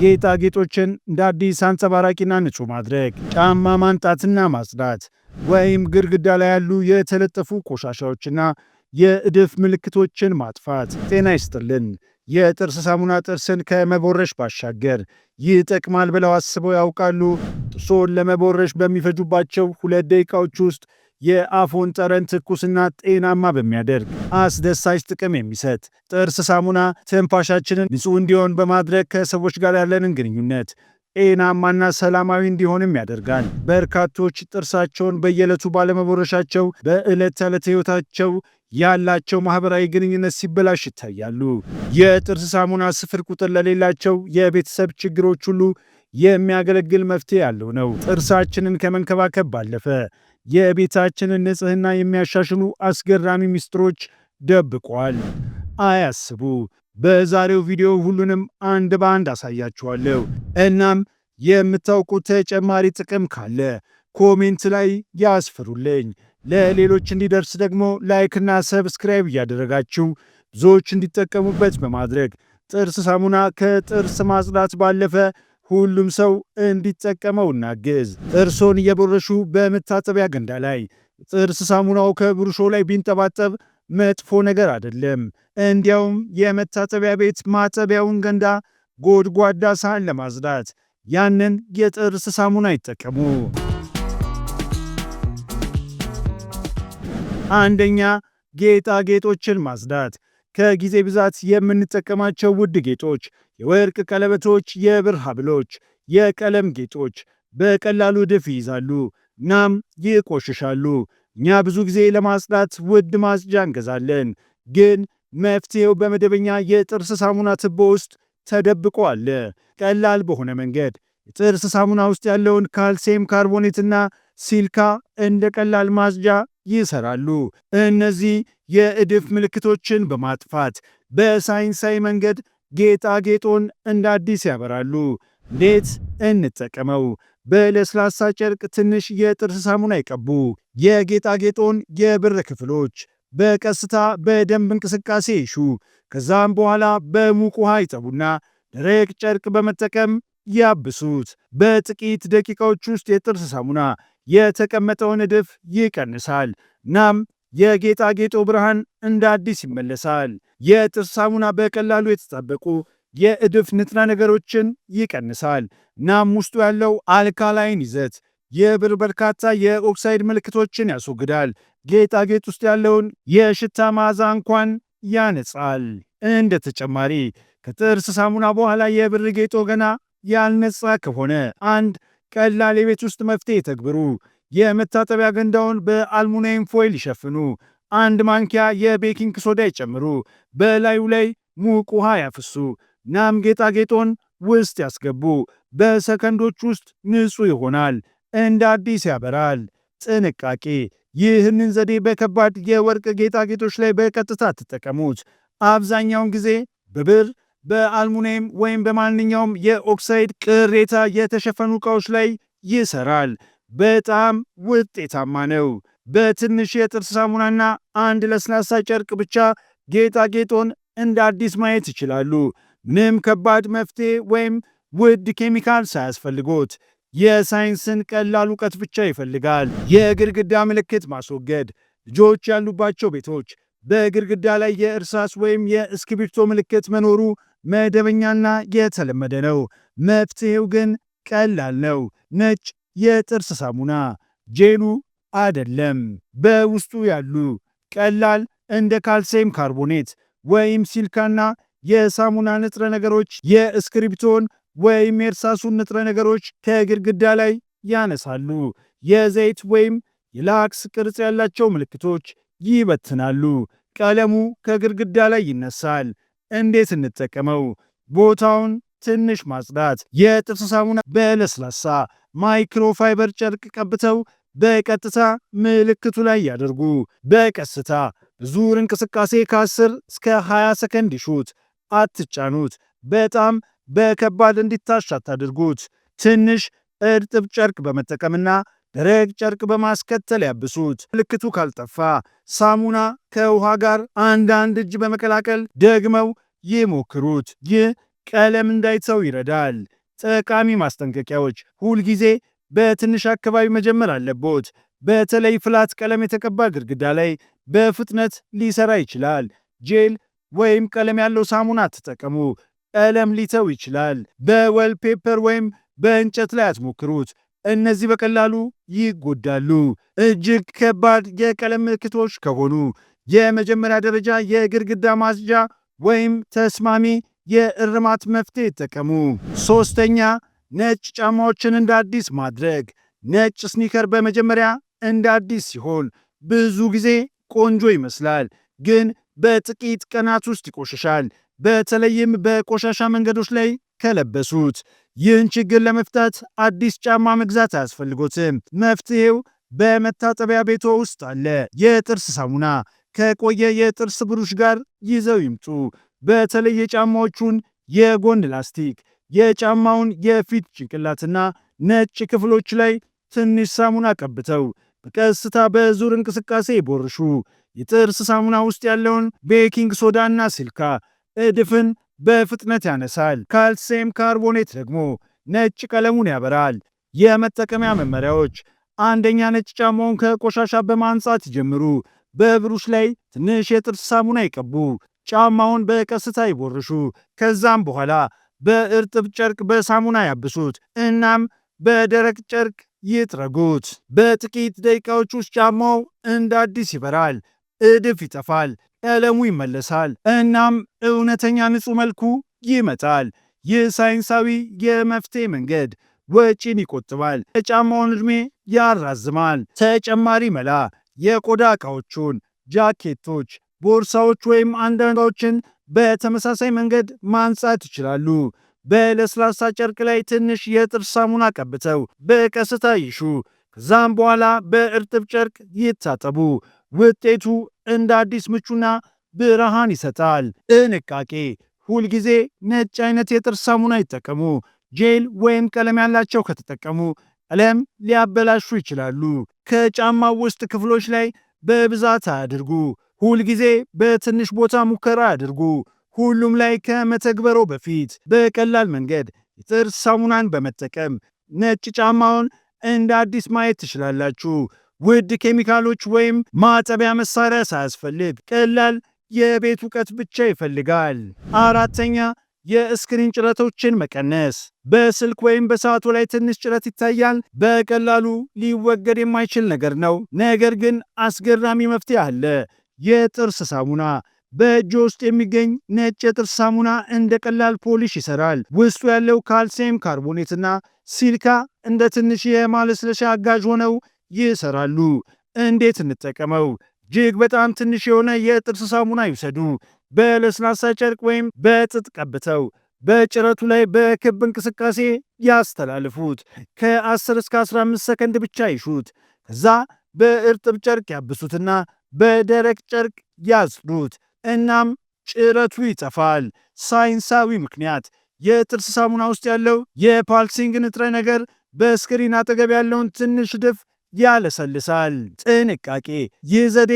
ጌጣጌጦችን እንደ አዲስ አንጸባራቂና ንጹህ ማድረግ፣ ጫማ ማንጣትና ማጽዳት ወይም ግድግዳ ላይ ያሉ የተለጠፉ ቆሻሻዎችና የእድፍ ምልክቶችን ማጥፋት። ጤና ይስጥልን። የጥርስ ሳሙና ጥርስን ከመቦረሽ ባሻገር ይጠቅማል ብለው አስበው ያውቃሉ? ጥርስዎን ለመቦረሽ በሚፈጁባቸው ሁለት ደቂቃዎች ውስጥ የአፎን ጠረን ትኩስና ጤናማ በሚያደርግ አስደሳች ጥቅም የሚሰጥ ጥርስ ሳሙና ትንፋሻችንን ንጹህ እንዲሆን በማድረግ ከሰዎች ጋር ያለንን ግንኙነት ጤናማና ሰላማዊ እንዲሆንም ያደርጋል። በርካቶች ጥርሳቸውን በየዕለቱ ባለመቦረሻቸው በዕለት ተዕለት ሕይወታቸው ያላቸው ማህበራዊ ግንኙነት ሲበላሽ ይታያሉ። የጥርስ ሳሙና ስፍር ቁጥር ለሌላቸው የቤተሰብ ችግሮች ሁሉ የሚያገለግል መፍትሄ ያለው ነው። ጥርሳችንን ከመንከባከብ ባለፈ የቤታችንን ንጽህና የሚያሻሽሉ አስገራሚ ምስጢሮች ደብቋል። አያስቡ። በዛሬው ቪዲዮ ሁሉንም አንድ በአንድ አሳያችኋለሁ። እናም የምታውቁ ተጨማሪ ጥቅም ካለ ኮሜንት ላይ ያስፈሩልኝ። ለሌሎች እንዲደርስ ደግሞ ላይክና ሰብስክራይብ እያደረጋችሁ ብዙዎች እንዲጠቀሙበት በማድረግ ጥርስ ሳሙና ከጥርስ ማጽዳት ባለፈ ሁሉም ሰው እንዲጠቀመው እናግዝ። ጥርሶን እየቦረሹ በመታጠቢያ ገንዳ ላይ ጥርስ ሳሙናው ከብሩሾ ላይ ቢንጠባጠብ መጥፎ ነገር አይደለም። እንዲያውም የመታጠቢያ ቤት ማጠቢያውን ገንዳ ጎድጓዳ ሳህን ለማጽዳት ያንን የጥርስ ሳሙና ይጠቀሙ። አንደኛ ጌጣጌጦችን ማጽዳት ከጊዜ ብዛት የምንጠቀማቸው ውድ ጌጦች፣ የወርቅ ቀለበቶች፣ የብር ሀብሎች የቀለም ጌጦች በቀላሉ ድፍ ይይዛሉ እናም ይቆሽሻሉ። እኛ ብዙ ጊዜ ለማጽዳት ውድ ማጽጃ እንገዛለን፣ ግን መፍትሄው በመደበኛ የጥርስ ሳሙና ትቦ ውስጥ ተደብቆ አለ። ቀላል በሆነ መንገድ የጥርስ ሳሙና ውስጥ ያለውን ካልሲየም ካርቦኔትና ሲልካ እንደ ቀላል ማጽጃ ይሰራሉ። እነዚህ የእድፍ ምልክቶችን በማጥፋት በሳይንሳዊ መንገድ ጌጣጌጦን እንደ አዲስ ያበራሉ። እንዴት እንጠቀመው? በለስላሳ ጨርቅ ትንሽ የጥርስ ሳሙና ይቀቡ። የጌጣጌጦን የብር ክፍሎች በቀስታ በደንብ እንቅስቃሴ ይሹ። ከዛም በኋላ በሙቅ ውሃ ይጠቡና ደረቅ ጨርቅ በመጠቀም ያብሱት። በጥቂት ደቂቃዎች ውስጥ የጥርስ ሳሙና የተቀመጠውን እድፍ ይቀንሳል። ናም የጌጣጌጦ ብርሃን እንደ አዲስ ይመለሳል። የጥርስ ሳሙና በቀላሉ የተጠበቁ የእድፍ ንጥረ ነገሮችን ይቀንሳል። ናም ውስጡ ያለው አልካላይን ይዘት የብር በርካታ የኦክሳይድ ምልክቶችን ያስወግዳል። ጌጣጌጥ ውስጥ ያለውን የሽታ መዓዛ እንኳን ያነጻል። እንደ ተጨማሪ ከጥርስ ሳሙና በኋላ የብር ጌጦ ገና ያልነጻ ከሆነ አንድ ቀላል የቤት ውስጥ መፍትሄ ተግብሩ። የመታጠቢያ ገንዳውን በአልሙኒየም ፎይል ይሸፍኑ። አንድ ማንኪያ የቤኪንግ ሶዳ ይጨምሩ። በላዩ ላይ ሙቅ ውሃ ያፍሱ። ናም ጌጣጌጦን ውስጥ ያስገቡ። በሰከንዶች ውስጥ ንጹህ ይሆናል፣ እንደ አዲስ ያበራል። ጥንቃቄ! ይህንን ዘዴ በከባድ የወርቅ ጌጣጌጦች ላይ በቀጥታ ትጠቀሙት አብዛኛውን ጊዜ በብር በአልሙኒየም ወይም በማንኛውም የኦክሳይድ ቅሬታ የተሸፈኑ ዕቃዎች ላይ ይሰራል። በጣም ውጤታማ ነው። በትንሽ የጥርስ ሳሙናና አንድ ለስላሳ ጨርቅ ብቻ ጌጣጌጦን እንደ አዲስ ማየት ይችላሉ፣ ምንም ከባድ መፍትሄ ወይም ውድ ኬሚካል ሳያስፈልጎት። የሳይንስን ቀላል እውቀት ብቻ ይፈልጋል። የግድግዳ ምልክት ማስወገድ። ልጆች ያሉባቸው ቤቶች በግድግዳ ላይ የእርሳስ ወይም የእስክሪብቶ ምልክት መኖሩ መደበኛና የተለመደ ነው። መፍትሄው ግን ቀላል ነው። ነጭ የጥርስ ሳሙና ጄሉ አይደለም። በውስጡ ያሉ ቀላል እንደ ካልሲየም ካርቦኔት ወይም ሲልካና የሳሙና ንጥረ ነገሮች የእስክሪብቶን ወይም የእርሳሱን ንጥረ ነገሮች ከግድግዳ ላይ ያነሳሉ። የዘይት ወይም የላክስ ቅርጽ ያላቸው ምልክቶች ይበትናሉ። ቀለሙ ከግድግዳ ላይ ይነሳል። እንዴት እንጠቀመው? ቦታውን ትንሽ ማጽዳት፣ የጥርስ ሳሙና በለስላሳ ማይክሮፋይበር ጨርቅ ቀብተው በቀጥታ ምልክቱ ላይ ያደርጉ። በቀስታ ዙር እንቅስቃሴ ከ10 እስከ 20 ሰከንድ ይሹት። አትጫኑት፣ በጣም በከባድ እንዲታሽ አታድርጉት። ትንሽ እርጥብ ጨርቅ በመጠቀምና ደረቅ ጨርቅ በማስከተል ያብሱት። ምልክቱ ካልጠፋ ሳሙና ከውሃ ጋር አንዳንድ እጅ በመቀላቀል ደግመው ይሞክሩት። ይህ ቀለም እንዳይተው ይረዳል። ጠቃሚ ማስጠንቀቂያዎች ሁልጊዜ በትንሽ አካባቢ መጀመር አለቦት። በተለይ ፍላት ቀለም የተቀባ ግድግዳ ላይ በፍጥነት ሊሰራ ይችላል። ጄል ወይም ቀለም ያለው ሳሙና አትጠቀሙ፣ ቀለም ሊተው ይችላል። በወልፔፐር ወይም በእንጨት ላይ አትሞክሩት። እነዚህ በቀላሉ ይጎዳሉ። እጅግ ከባድ የቀለም ምልክቶች ከሆኑ የመጀመሪያ ደረጃ የግድግዳ ማጽጃ ወይም ተስማሚ የእርማት መፍትሄ ይጠቀሙ። ሶስተኛ ነጭ ጫማዎችን እንደ አዲስ ማድረግ። ነጭ ስኒከር በመጀመሪያ እንደ አዲስ ሲሆን ብዙ ጊዜ ቆንጆ ይመስላል፣ ግን በጥቂት ቀናት ውስጥ ይቆሸሻል፣ በተለይም በቆሻሻ መንገዶች ላይ ከለበሱት። ይህን ችግር ለመፍታት አዲስ ጫማ መግዛት አያስፈልጎትም። መፍትሄው በመታጠቢያ ቤቶ ውስጥ አለ። የጥርስ ሳሙና ከቆየ የጥርስ ብሩሽ ጋር ይዘው ይምጡ። በተለይ የጫማዎቹን የጎን ላስቲክ፣ የጫማውን የፊት ጭንቅላትና ነጭ ክፍሎች ላይ ትንሽ ሳሙና ቀብተው በቀስታ በዙር እንቅስቃሴ ይቦርሹ። የጥርስ ሳሙና ውስጥ ያለውን ቤኪንግ ሶዳና ሲልካ እድፍን በፍጥነት ያነሳል። ካልሲየም ካርቦኔት ደግሞ ነጭ ቀለሙን ያበራል። የመጠቀሚያ መመሪያዎች፣ አንደኛ ነጭ ጫማውን ከቆሻሻ በማንጻት ይጀምሩ። በብሩሽ ላይ ትንሽ የጥርስ ሳሙና ይቀቡ። ጫማውን በቀስታ ይቦርሹ። ከዛም በኋላ በእርጥብ ጨርቅ በሳሙና ያብሱት፣ እናም በደረቅ ጨርቅ ይጥረጉት። በጥቂት ደቂቃዎች ውስጥ ጫማው እንደ አዲስ ይበራል። እድፍ ይጠፋል፣ ቀለሙ ይመለሳል፣ እናም እውነተኛ ንጹህ መልኩ ይመጣል። ይህ ሳይንሳዊ የመፍትሄ መንገድ ወጪን ይቆጥባል፣ የጫማውን ዕድሜ ያራዝማል። ተጨማሪ መላ የቆዳ ዕቃዎቹን፣ ጃኬቶች፣ ቦርሳዎች ወይም አንዳንዳዎችን በተመሳሳይ መንገድ ማንጻት ይችላሉ። በለስላሳ ጨርቅ ላይ ትንሽ የጥርስ ሳሙና ቀብተው በቀስታ ይሹ። ከዛም በኋላ በእርጥብ ጨርቅ ይታጠቡ። ውጤቱ እንደ አዲስ ምቹና ብርሃን ይሰጣል። ጥንቃቄ ሁልጊዜ ነጭ አይነት የጥርስ ሳሙና ይጠቀሙ። ጄል ወይም ቀለም ያላቸው ከተጠቀሙ ቀለም ሊያበላሹ ይችላሉ። ከጫማ ውስጥ ክፍሎች ላይ በብዛት አድርጉ። ሁልጊዜ በትንሽ ቦታ ሙከራ አድርጉ። ሁሉም ላይ ከመተግበሮ በፊት በቀላል መንገድ የጥርስ ሳሙናን በመጠቀም ነጭ ጫማውን እንደ አዲስ ማየት ትችላላችሁ። ውድ ኬሚካሎች ወይም ማጠቢያ መሳሪያ ሳያስፈልግ ቀላል የቤት እውቀት ብቻ ይፈልጋል። አራተኛ የስክሪን ጭረቶችን መቀነስ። በስልክ ወይም በሰዓቱ ላይ ትንሽ ጭረት ይታያል። በቀላሉ ሊወገድ የማይችል ነገር ነው፣ ነገር ግን አስገራሚ መፍትሄ አለ። የጥርስ ሳሙና። በእጅ ውስጥ የሚገኝ ነጭ የጥርስ ሳሙና እንደ ቀላል ፖሊሽ ይሰራል። ውስጡ ያለው ካልሲየም ካርቦኔትና ሲልካ እንደ ትንሽ የማለስለሻ አጋዥ ሆነው ይሰራሉ። እንዴት እንጠቀመው? እጅግ በጣም ትንሽ የሆነ የጥርስ ሳሙና ይውሰዱ። በለስላሳ ጨርቅ ወይም በጥጥ ቀብተው በጭረቱ ላይ በክብ እንቅስቃሴ ያስተላልፉት። ከ10 እስከ 15 ሰከንድ ብቻ ይሹት። ከዛ በእርጥብ ጨርቅ ያብሱትና በደረቅ ጨርቅ ያጽዱት። እናም ጭረቱ ይጠፋል። ሳይንሳዊ ምክንያት የጥርስ ሳሙና ውስጥ ያለው የፓልሲንግ ንጥረ ነገር በስክሪን አጠገብ ያለውን ትንሽ ድፍ ያለሰልሳል። ጥንቃቄ! ይህ ዘዴ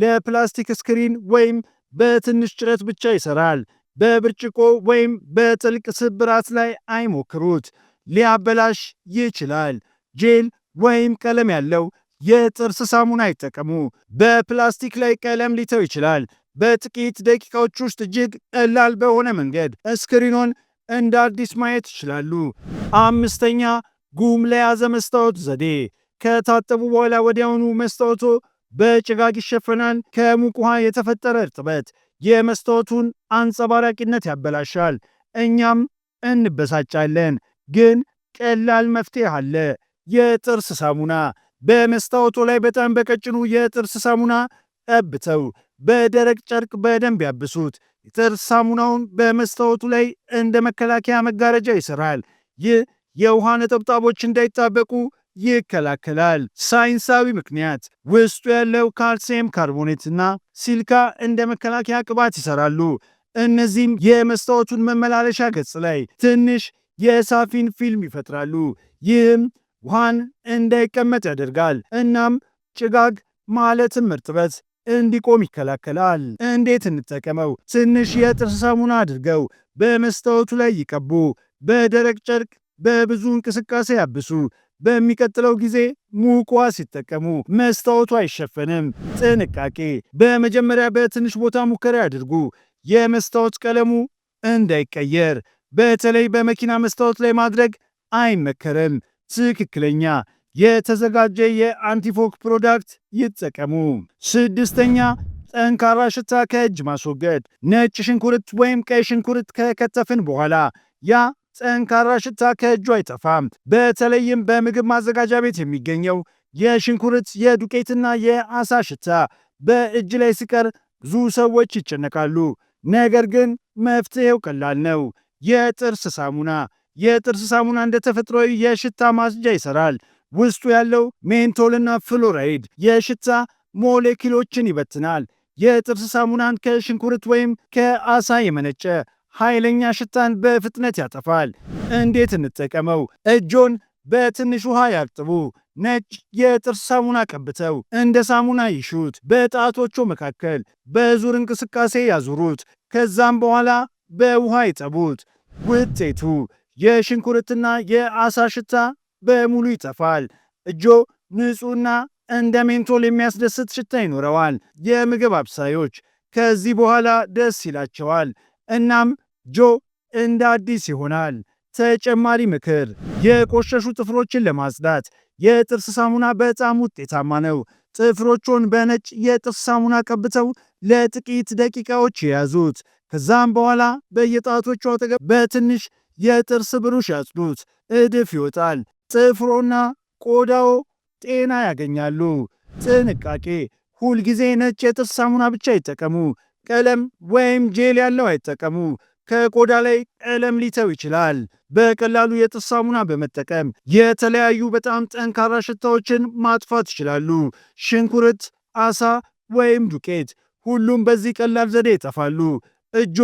ለፕላስቲክ ስክሪን ወይም በትንሽ ጭረት ብቻ ይሰራል። በብርጭቆ ወይም በጥልቅ ስብራት ላይ አይሞክሩት፣ ሊያበላሽ ይችላል። ጄል ወይም ቀለም ያለው የጥርስ ሳሙና ይጠቀሙ። በፕላስቲክ ላይ ቀለም ሊተው ይችላል። በጥቂት ደቂቃዎች ውስጥ እጅግ ቀላል በሆነ መንገድ ስክሪኑን እንደ አዲስ ማየት ይችላሉ። አምስተኛ ጉም ለያዘ መስታወት ዘዴ ከታጠቡ በኋላ ወዲያውኑ መስታወቶ በጭጋግ ይሸፈናል። ከሙቅ ውሃ የተፈጠረ እርጥበት የመስታወቱን አንጸባራቂነት ያበላሻል። እኛም እንበሳጫለን። ግን ቀላል መፍትሄ አለ። የጥርስ ሳሙና። በመስታወቱ ላይ በጣም በቀጭኑ የጥርስ ሳሙና ቀብተው በደረቅ ጨርቅ በደንብ ያብሱት። የጥርስ ሳሙናውን በመስታወቱ ላይ እንደ መከላከያ መጋረጃ ይሰራል። ይህ የውሃ ነጠብጣቦች እንዳይጣበቁ ይከላከላል። ሳይንሳዊ ምክንያት ውስጡ ያለው ካልሲየም ካርቦኔትና ሲልካ እንደ መከላከያ ቅባት ይሰራሉ። እነዚህም የመስታወቱን መመላለሻ ገጽ ላይ ትንሽ የሳፊን ፊልም ይፈጥራሉ። ይህም ውሃን እንዳይቀመጥ ያደርጋል። እናም ጭጋግ ማለትም እርጥበት እንዲቆም ይከላከላል። እንዴት እንጠቀመው? ትንሽ የጥርስ ሳሙና አድርገው በመስታወቱ ላይ ይቀቡ። በደረቅ ጨርቅ በብዙ እንቅስቃሴ ያብሱ። በሚቀጥለው ጊዜ ሙቋ ሲጠቀሙ መስታወቱ አይሸፈንም። ጥንቃቄ፣ በመጀመሪያ በትንሽ ቦታ ሙከራ ያድርጉ፣ የመስታወት ቀለሙ እንዳይቀየር። በተለይ በመኪና መስታወት ላይ ማድረግ አይመከርም። ትክክለኛ የተዘጋጀ የአንቲፎክ ፕሮዳክት ይጠቀሙ። ስድስተኛ ጠንካራ ሽታ ከእጅ ማስወገድ። ነጭ ሽንኩርት ወይም ቀይ ሽንኩርት ከከተፍን በኋላ ያ ጠንካራ ሽታ ከእጁ አይጠፋም። በተለይም በምግብ ማዘጋጃ ቤት የሚገኘው የሽንኩርት የዱቄትና የአሳ ሽታ በእጅ ላይ ሲቀር ብዙ ሰዎች ይጨነቃሉ። ነገር ግን መፍትሄው ቀላል ነው። የጥርስ ሳሙና። የጥርስ ሳሙና እንደ ተፈጥሯዊ የሽታ ማጽጃ ይሰራል። ውስጡ ያለው ሜንቶልና ፍሎራይድ የሽታ ሞሌኪሎችን ይበትናል። የጥርስ ሳሙናን ከሽንኩርት ወይም ከአሳ የመነጨ ኃይለኛ ሽታን በፍጥነት ያጠፋል። እንዴት እንጠቀመው? እጆን በትንሽ ውሃ ያጥቡ። ነጭ የጥርስ ሳሙና ቀብተው እንደ ሳሙና ይሹት። በጣቶቹ መካከል በዙር እንቅስቃሴ ያዙሩት። ከዛም በኋላ በውሃ ይጠቡት። ውጤቱ የሽንኩርትና የአሳ ሽታ በሙሉ ይጠፋል። እጆ ንጹሕና እንደ ሜንቶል የሚያስደስት ሽታ ይኖረዋል። የምግብ አብሳዮች ከዚህ በኋላ ደስ ይላቸዋል። እናም ጆ እንደ አዲስ ይሆናል። ተጨማሪ ምክር፣ የቆሸሹ ጥፍሮችን ለማጽዳት የጥርስ ሳሙና በጣም ውጤታማ ነው። ጥፍሮቹን በነጭ የጥርስ ሳሙና ቀብተው ለጥቂት ደቂቃዎች የያዙት። ከዛም በኋላ በየጣቶቹ አጠገብ በትንሽ የጥርስ ብሩሽ ያጽዱት። እድፍ ይወጣል። ጥፍሮና ቆዳው ጤና ያገኛሉ። ጥንቃቄ፣ ሁልጊዜ ነጭ የጥርስ ሳሙና ብቻ ይጠቀሙ። ቀለም ወይም ጄል ያለው አይጠቀሙ። ከቆዳ ላይ ቀለም ሊተው ይችላል። በቀላሉ የጥስ ሳሙና በመጠቀም የተለያዩ በጣም ጠንካራ ሽታዎችን ማጥፋት ይችላሉ። ሽንኩርት፣ አሳ ወይም ዱቄት፣ ሁሉም በዚህ ቀላል ዘዴ ይጠፋሉ። እጆ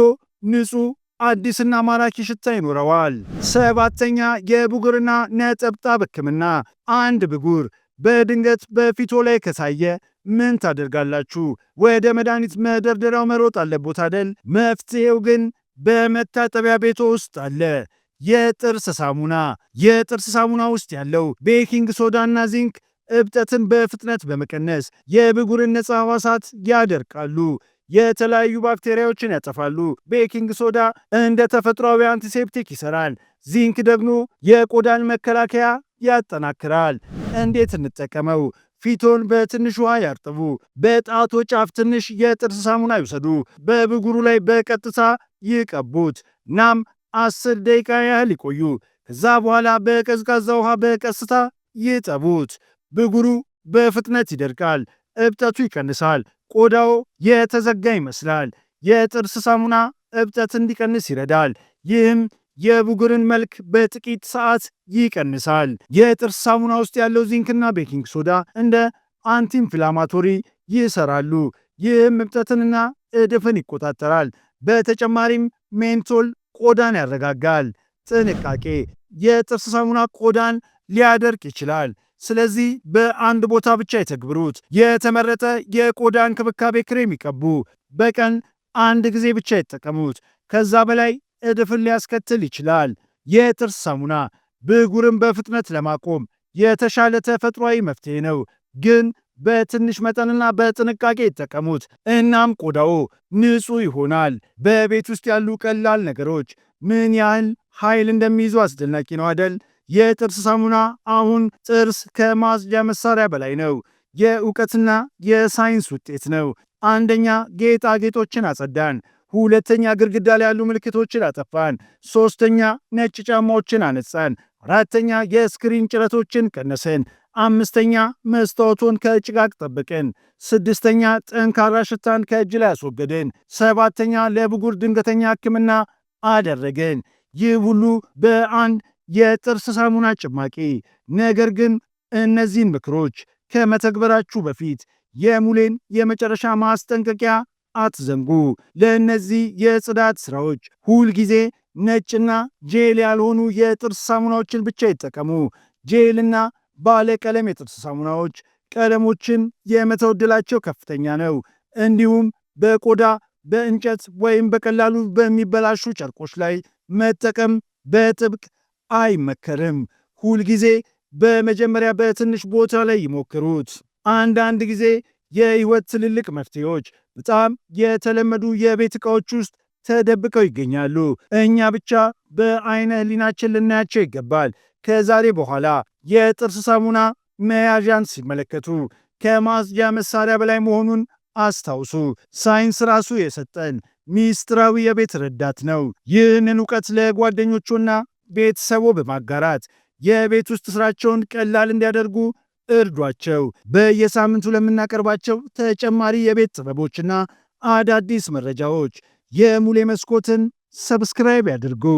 ንጹህ አዲስና ማራኪ ሽታ ይኖረዋል። ሰባተኛ የብጉርና ነጠብጣብ ህክምና አንድ ብጉር በድንገት በፊቶ ላይ ከታየ ምን ታደርጋላችሁ? ወደ መድኃኒት መደርደሪያው መሮጥ አለቦት አደል? መፍትሄው ግን በመታጠቢያ ቤቶ ውስጥ አለ። የጥርስ ሳሙና የጥርስ ሳሙና ውስጥ ያለው ቤኪንግ ሶዳና ዚንክ እብጠትን በፍጥነት በመቀነስ የብጉርን ነፃ ሕዋሳት ያደርቃሉ፣ የተለያዩ ባክቴሪያዎችን ያጠፋሉ። ቤኪንግ ሶዳ እንደ ተፈጥሯዊ አንቲሴፕቲክ ይሰራል። ዚንክ ደግሞ የቆዳን መከላከያ ያጠናክራል። እንዴት እንጠቀመው? ፊቶን በትንሽ ውሃ ያርጥቡ። በጣቶ ጫፍ ትንሽ የጥርስ ሳሙና ይውሰዱ። በብጉሩ ላይ በቀጥታ ይቀቡት። እናም አስር ደቂቃ ያህል ይቆዩ። ከዛ በኋላ በቀዝቃዛ ውሃ በቀስታ ይጠቡት። ብጉሩ በፍጥነት ይደርቃል፣ እብጠቱ ይቀንሳል፣ ቆዳው የተዘጋ ይመስላል። የጥርስ ሳሙና እብጠት እንዲቀንስ ይረዳል። ይህም የብጉርን መልክ በጥቂት ሰዓት ይቀንሳል። የጥርስ ሳሙና ውስጥ ያለው ዚንክና ቤኪንግ ሶዳ እንደ አንቲኢንፍላማቶሪ ይሰራሉ። ይህም እብጠትንና እድፍን ይቆጣጠራል። በተጨማሪም ሜንቶል ቆዳን ያረጋጋል። ጥንቃቄ፣ የጥርስ ሳሙና ቆዳን ሊያደርቅ ይችላል። ስለዚህ በአንድ ቦታ ብቻ ይተግብሩት። የተመረጠ የቆዳ እንክብካቤ ክሬም ይቀቡ። በቀን አንድ ጊዜ ብቻ ይጠቀሙት። ከዛ በላይ እድፍን ሊያስከትል ይችላል። የጥርስ ሳሙና ብጉርን በፍጥነት ለማቆም የተሻለ ተፈጥሯዊ መፍትሄ ነው ግን በትንሽ መጠንና በጥንቃቄ ይጠቀሙት። እናም ቆዳው ንጹህ ይሆናል። በቤት ውስጥ ያሉ ቀላል ነገሮች ምን ያህል ኃይል እንደሚይዙ አስደናቂ ነው አደል? የጥርስ ሳሙና አሁን ጥርስ ከማጽጃ መሳሪያ በላይ ነው። የእውቀትና የሳይንስ ውጤት ነው። አንደኛ ጌጣጌጦችን አጸዳን። ሁለተኛ ግድግዳ ላይ ያሉ ምልክቶችን አጠፋን። ሶስተኛ ነጭ ጫማዎችን አነጻን። አራተኛ የስክሪን ጭረቶችን ቀነሰን። አምስተኛ መስታወቱን ከጭጋግ ጠብቅን። ስድስተኛ ጠንካራ ሽታን ከእጅ ላይ አስወገድን። ሰባተኛ ለብጉር ድንገተኛ ሕክምና አደረግን። ይህ ሁሉ በአንድ የጥርስ ሳሙና ጭማቂ። ነገር ግን እነዚህን ምክሮች ከመተግበራችሁ በፊት የሙሌን የመጨረሻ ማስጠንቀቂያ አትዘንጉ። ለእነዚህ የጽዳት ስራዎች ሁልጊዜ ነጭና ጄል ያልሆኑ የጥርስ ሳሙናዎችን ብቻ ይጠቀሙ። ጄልና ባለ ቀለም የጥርስ ሳሙናዎች ቀለሞችን የመተው ዕድላቸው ከፍተኛ ነው። እንዲሁም በቆዳ በእንጨት ወይም በቀላሉ በሚበላሹ ጨርቆች ላይ መጠቀም በጥብቅ አይመከርም። ሁልጊዜ በመጀመሪያ በትንሽ ቦታ ላይ ይሞክሩት። አንዳንድ ጊዜ የህይወት ትልልቅ መፍትሄዎች በጣም የተለመዱ የቤት ዕቃዎች ውስጥ ተደብቀው ይገኛሉ። እኛ ብቻ በአይነ ህሊናችን ልናያቸው ይገባል። ከዛሬ በኋላ የጥርስ ሳሙና መያዣን ሲመለከቱ ከማጽጃ መሳሪያ በላይ መሆኑን አስታውሱ። ሳይንስ ራሱ የሰጠን ሚስጥራዊ የቤት ረዳት ነው። ይህንን እውቀት ለጓደኞቹና ቤተሰቦ በማጋራት የቤት ውስጥ ስራቸውን ቀላል እንዲያደርጉ እርዷቸው። በየሳምንቱ ለምናቀርባቸው ተጨማሪ የቤት ጥበቦችና አዳዲስ መረጃዎች የሙሌ መስኮትን ሰብስክራይብ ያድርጉ።